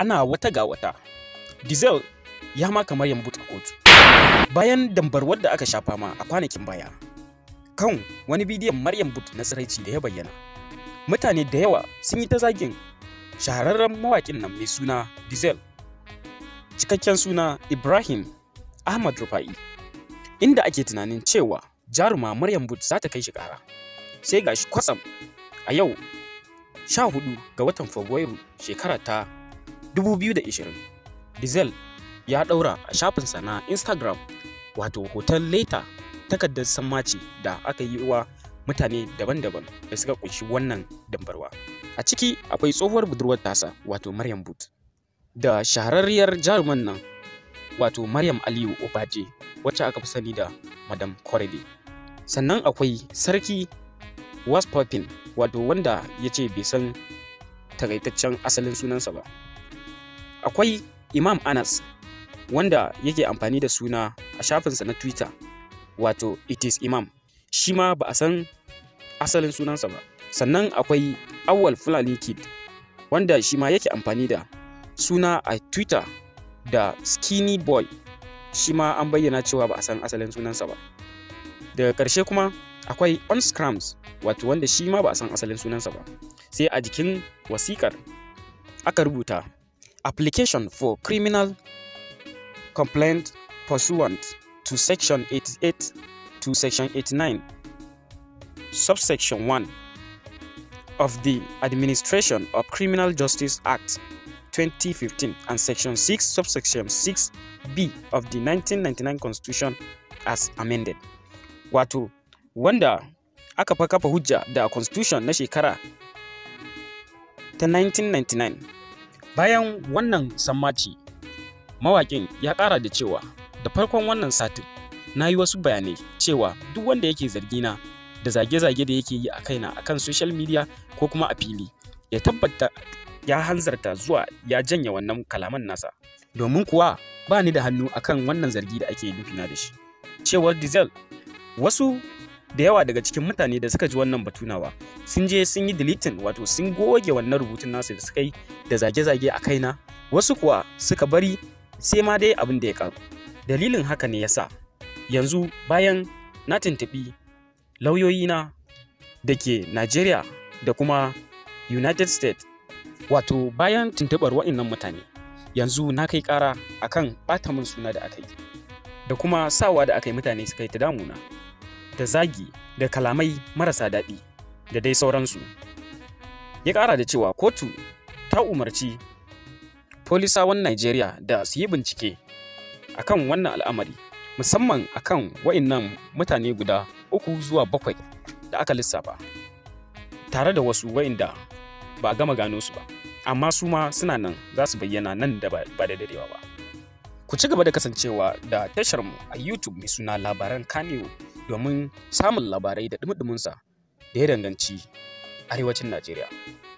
ana wata ga wata diesel ya ma kamar ya a kotu bayan dambar wadda aka shafa ma a kwanakin baya kan wani bidiyon maryam but na tsiraici da ya bayyana mutane da yawa sun yi ta zagin shahararren mawakin nan mai suna diesel cikakken suna ibrahim ahmad rufa'i inda ake tunanin cewa jaruma maryam but za ta kai shi kara sai gashi kwatsam a yau Sha hudu ga watan fabrairu shekara ta 2020 diesel ya ɗaura a shafinsa na instagram wato hoton leta takardar sammaci da aka yi wa mutane daban-daban da suka kunshi wannan dambarwa a ciki akwai tsohuwar budurwar tasa wato maryam boot da shahararriyar jaruman nan wato maryam aliyu obaje wacce aka fi sani da madam korede sannan akwai sarki waspopin wato wanda ya ce bai san takaitaccen asalin sunansa ba akwai imam anas wanda yake amfani da suna a shafinsa na twitter wato it is imam shi ma ba a san asalin sunansa ba sannan akwai awwal fulani kid wanda shi ma yake amfani da suna a twitter da skinny boy shi ma an bayyana cewa ba a san asalin sunansa ba daga ƙarshe kuma akwai on scrams wato wanda shi ma ba a san asalin sunansa ba sai a jikin wasiƙar aka rubuta application for criminal complaint pursuant to section 88 to section 89 subsection 1 of the administration of criminal justice act 2015 and section 6 subsection 6b of the 1999 constitution as amended wato wanda aka fa hujja da constitution na shekara ta 1999 Bayan wannan sammaci, mawaƙin ya ƙara da cewa da farkon wannan satin na yi wasu bayanai cewa duk wanda yake zargina da zage-zage da yake yi a kaina a kan social media ko kuma a fili ya tabbata ya hanzarta zuwa ya janye wannan kalaman nasa domin kuwa ba ni da hannu a kan wannan zargi da ake nufina da shi cewar diesel wasu da yawa daga cikin mutane da suka ji wannan batu nawa sun je sun yi deleting wato sun goge wannan rubutun nasu da suka yi da zage-zage a kaina wasu kuwa suka bari sai ma dai abin da ya karu dalilin haka ne yasa yanzu bayan na tuntuɓi lauyoyina da ke Najeriya da kuma United States wato bayan tuntuɓar wa'innan mutane yanzu na kai kara akan ɓata min suna da aka yi da kuma sawa da aka yi mutane suka yi ta damuna. da zagi da kalamai marasa daɗi da dai sauransu ya ƙara da cewa kotu ta umarci polisawan Najeriya da su yi bincike a kan wannan al'amari musamman a akan wa'innan mutane guda uku zuwa bakwai da aka lissafa tare da wasu wa'inda ba a gama gano su ba amma su ma suna nan za su bayyana nan da ba da dadewa ba ku ci gaba da kasancewa da tashar mu a youtube mai suna labaran kanewo domin samun labarai da dumi da ya danganci arewacin Najeriya.